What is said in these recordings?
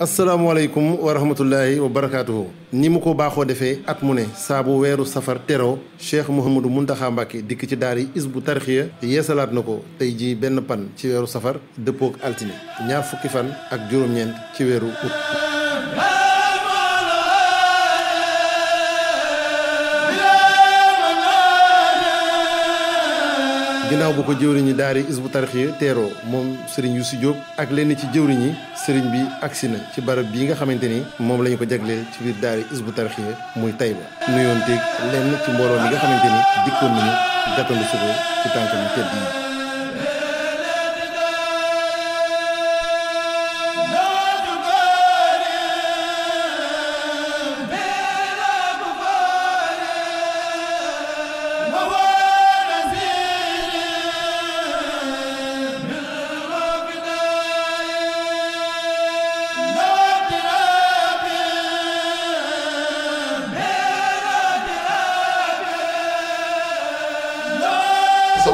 asalaamaaleykum wa rahmatullahi wa barakaatuhu ni mu ko baaxoo defee at mu ne saabu weeru safar teroo cheikh mouhamadou muntaxa mbàkke dikk ci daara yi isbu tarxiya yeesalaat na ko tey ji benn pan ci weeru safar dëppook altine ñaar fukki fan ak juróom-ñeent ci weeru ut ginnaaw bu ko jëwriñi daari isbu tarxiya teeroo moom sëriñ Youssou Diop ak lenn ci jëwriñ yi sëriñ bi agsi na ci barab bii nga xamante ni moom la ñu ko jagleel ci biir daari isbu tarxiya muy Taïba nuyoon teeg lenn ci mbooloo mi nga xamante ni dikkoon nañu gàttandu suko ci tànk mu tedd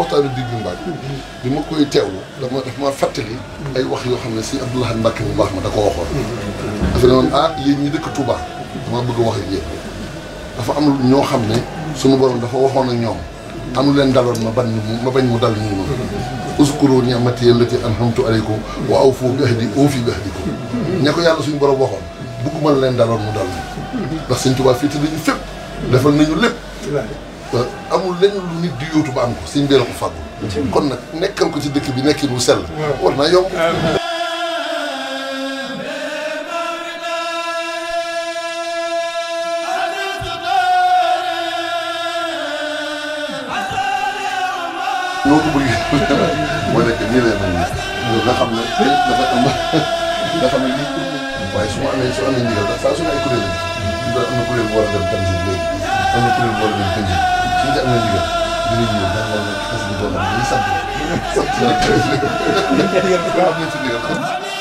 waxtaanu diggu mbaaj bi ma koy teewlu dama daf ma fàttali ay wax yoo xam ne si Abdoulaye Mbacke bu baax ma da ko waxoon dafa woon ah yéen ñi dëkk Touba dama bëgg a wax dafa am ñoo xam ne sunu borom dafa waxoon ak ñoom am leen daloon ma ma bañ mu dal ñu noonu uskuru ni'mati allati an'amtu alaykum wa awfu bi ahdi uufi bi ahdikum ña ko yàlla suñu borom waxoon bëgguma leen daloon mu dal ndax Sëñ Touba fii te dañu fépp defal nañu lépp amul lenn lu nit di yóotu ba am ko suñ la ko fàggu. kon nag nekkal ko ci dëkk bi nekkin bu sell. war naa yomb. noonu bëgg mooy nekk nii lay mel nii nga xam ne dafa am xam ne lii waaye su ma amee su amee ndigal ndax saa su ne ay kuréel lañ am na kuréel bu war a am na kuréel boo demee tënk yi ñu ci amee ndigal dinañ ñëw daanaka xas bi boo xam ne dañuy sant sant yàlla.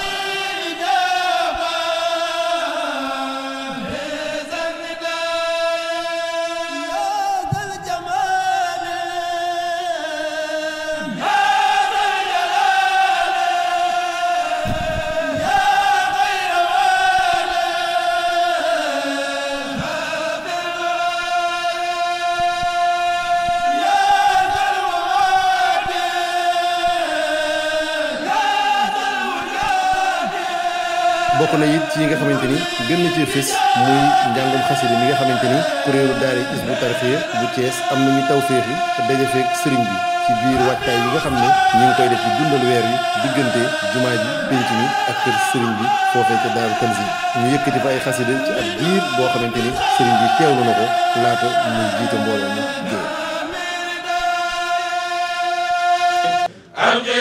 gën na cee fës muy njàngum xasida mi nga xamante ni kuréelu daara Hizbut Tarqiyyah bu Thiès am nañu tawféex yi te daje feek bi ci biir waajtaay yi nga xam ne ñu ngi koy def ci dundal weer yi diggante jumaa ji pénc mi ak kër sëriñ bi foofee ca daaru Tanzil ñu yëkkati fa ay xasida ci ab diir boo xamante ni sëriñ bi teewlu na ko laata muy jiite mbooloo mu jël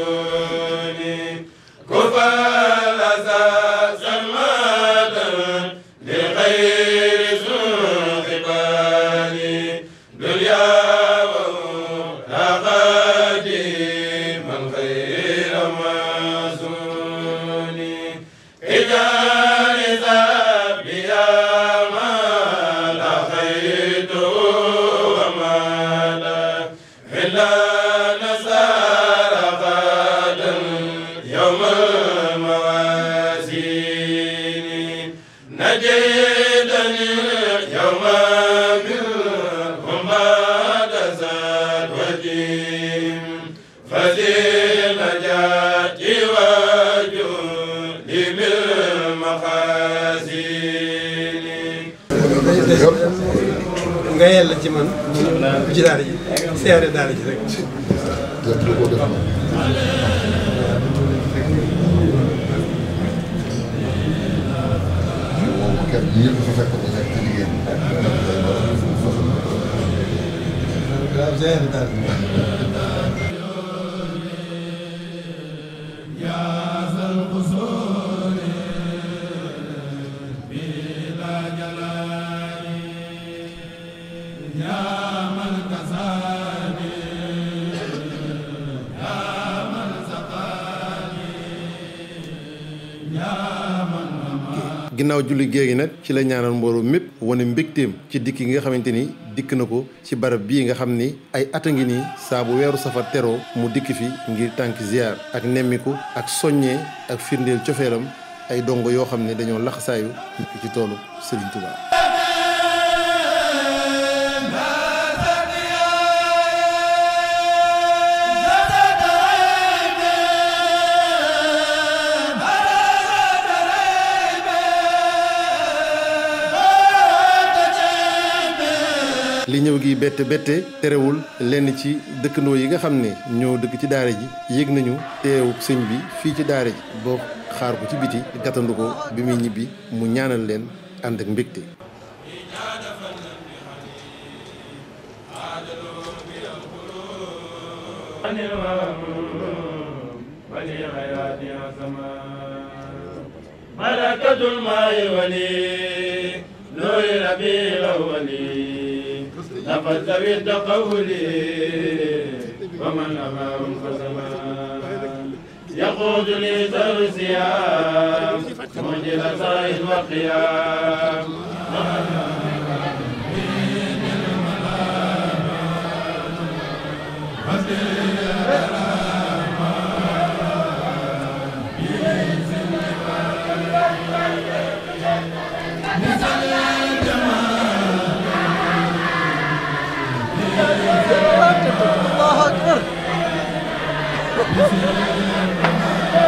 nga yàlla ci man ji daara ji seere ginnaaw julli géegi nag ci la ñaanal mbooloo mépp wane mbégteem ci dikk gi nga xamante ni dikk na ko ci barab bii nga xam ni ay at a ngi nii saa weeru safar teroo mu dikk fi ngir tànk ziar ak nemmiku ak soññee ak firndeel cofeelam ay dongo yoo xam ne dañoo laxasaayu ci toolu Serigne Touba. li ñëw gi bette bette terewul lenn ci dëkkandoo yi nga xam ne ñoo dëkk ci daara ji yéeg nañu teewu sëñ bi fii ci daara ji boo xaar ko ci biti gàttandu ko bi muy ñibbi mu ñaanal leen ànd ak mbégte ملكة الماء ولي نور ربي الأولي لقد لبثت قولي ومن أمام فزمان يقود لي ذر مجل سعيد وقيام Yeah.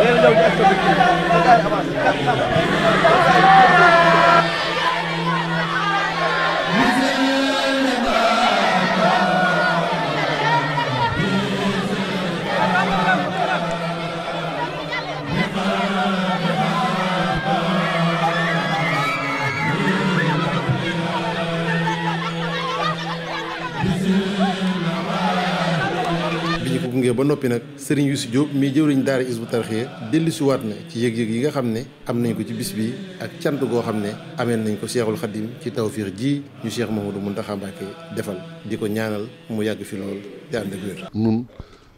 غير لو تأثر بالكلمة gunge ba noppi nag Serigne Youssou Diop mii jëwriñ daara Hizbut Tarqiyyah dellusiwaat na ci yëg yi nga xam ne am nañ ko ci bis bi ak cant goo xam ne ameel nañ ko Cheikhul Khadim ci tawfiix ji ñu Cheikh Mouhamadou Mountakha Mbacké defal di ko ñaanal mu yàgg fi lool te ànd ak nun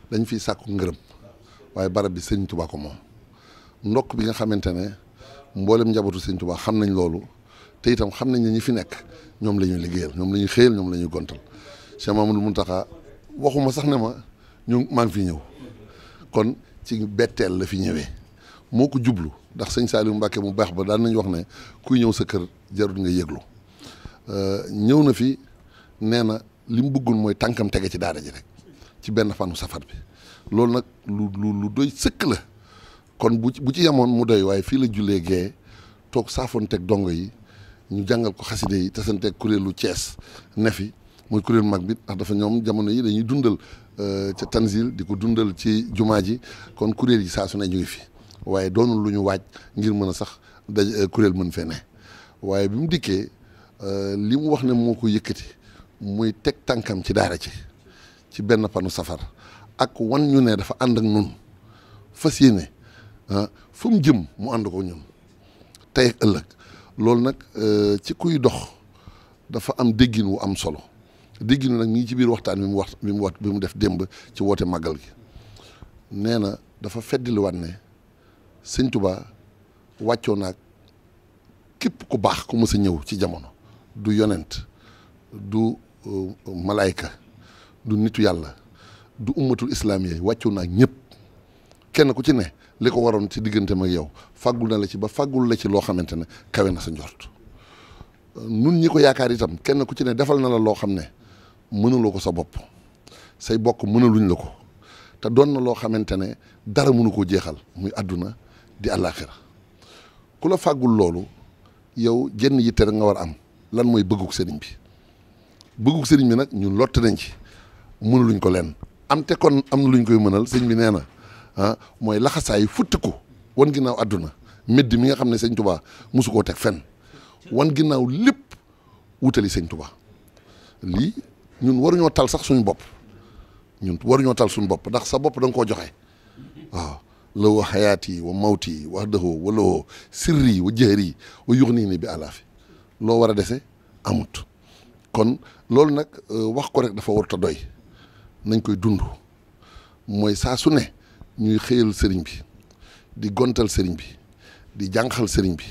dañ fiy sàkku ngërëm waaye barab bi Serigne Touba ko moom ndokk bi nga xamante ne mboolem njabootu Serigne Touba xam nañ loolu te itam xam nañ ne ñi fi nekk ñoom la ñuy liggéeyal ñoom la ñuy xëyal ñoom lañuy la ñuy gontal Cheikh Mouhamadou Mountakha waxuma sax ne ma. ñu maa fi ñëw kon ci betteel la fi ñëwee moo ko jublu ndax sëñ Saliou Mbacke mu baax ba daan nañ wax ne kuy ñëw sa kër jarul nga yëglu euh, ñëw na fi nee na li mu mooy tànkam tege ci daara ji rek ci benn fanu safar bi loolu nag lu lu doy sëkk la kon bu ci bu ci yemoon mu doy waaye fii la jullee gee toog teg dongo yi ñu jàngal ko xaside yi tasanteeg kuréelu Cees ne fi mooy kuréelu mag bi ndax dafa ñoom jamono yi dañuy dundal Euh, ca Tanzil di ko dundal ci jumaa ji kon kuréel yi saa su ne ñu fi waaye doonu lu ñu waaj ngir mën a sax daj euh, kuréel mën fee ne waaye bi mu dikkee euh, li mu wax ne moo ko yëkkati muy teg tànkam ci daara ci ci benn panu safar ak wan ñu ne dafa ànd ak nun fas yéene ah, fu mu jëm mu ànd ko ñun tey ak ëllëg loolu nag ci kuy dox dafa am déggin wu am solo dégg na nag ñii ci biir waxtaan bi mu wax bi mu wax bi mu def démb ci woote màggal gi nee na dafa feddliwaat ne sëñ Tuubaa wàccoo naag képp ku baax ku mës a ñëw ci jamono du yonent du euh, malaayka du nitu yàlla du ummatul islaamiya wàccoo naag ñëpp kenn ku ci ne li ko waroon ci diggante ma yow fàggul na la ci ba fàggul la ci loo xamante ne kawe na sa njort nun ñi ko yaakaar itam kenn ku ci ne defal na la loo xam ne mënuloo ko sa bopp say bokk mënaluñ la ko te doon na loo xamante ne dara mënu ko jeexal muy àdduna di xera ku la fàggul loolu yow jenn yitte rek nga war am lan mooy bëgguk sëriñ bi bëgguk sëriñ bi nag ñun lott nañ ci mënuluñ ko leen am te kon am na luñ koy mënal sëñ bi nee na ah mooy laxasaay futtiku wan ginnaaw àdduna medd mi nga xam ne sëñ tubaa mosu koo teg fenn wan ginnaaw lépp wutali sëñ tubaa lii ñun waruñoo tal sax suñu bopp ñun waruñoo tal suñu bopp ndax sa bopp danga nga koo joxe waaw law xayaati wa mawti wax dëxoo wa lowoo sirri wa jëhri wa yux nii ni bi alaafi loo war a dese amut kon loolu nag euh, wax ko rek dafa warut doy nañ koy dund mooy saa su ne ñuy xëyal sëriñ bi di gontal sëriñ bi di jànqal sëriñ bi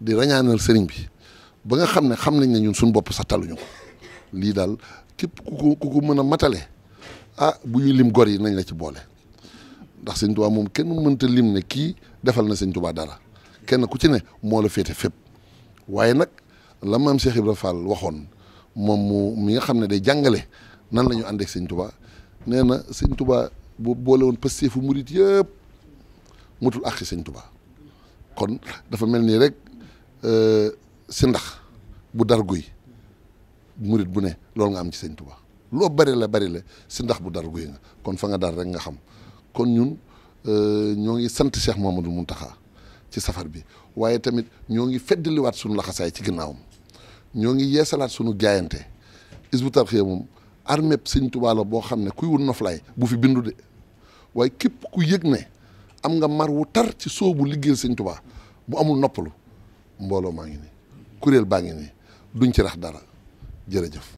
di rañaanal sëriñ bi ba nga xam ne xam nañ ne ñun suñu bopp sax taluñu ko lii daal képp ku ko mën a matale ah bu ñuy lim gor yi nañ la ci boole ndax sëñ Tuubaa moom kenn mënta lim ne kii defal na sëñ Tuubaa dara kenn ku ci ne moo la féete fépp waaye nag la maam Cheikh Ibra Fall waxoon moom mu mi nga xam ne day jàngale nan la ñu àndeek sëñ Tuubaa nee na sëñ Tuubaa bu boole woon pëstee fu murit yëpp mutul àqi sëñ Tuubaa kon dafa mel nii rek euh, si ndax bu dar guy murit bu ne loolu nga am ci sëñ Tuubaa loo bari la bari la si ndax bu dara guy nga kon fa nga dar rek nga xam kon ñun euh, ñoo ngi sant Cheikh Mouhamadou taxa ci safar bi waaye tamit ñoo ngi feddaliwaat suñu laxasaay ci ginnaawam ñoo ngi yeesalaat suñu jaayante Hizbut Tarqiyyah moom armée sëñ Tuubaa la boo xam ne kuy wut noflaay bu fi bindu de waaye képp ku yëg ne am nga mar wu tar ci soobu liggéey sëñ Tuubaa bu amul noppalu mbooloo maa ngi nii kuréel baa ngi duñ ci rax dara jërëjëf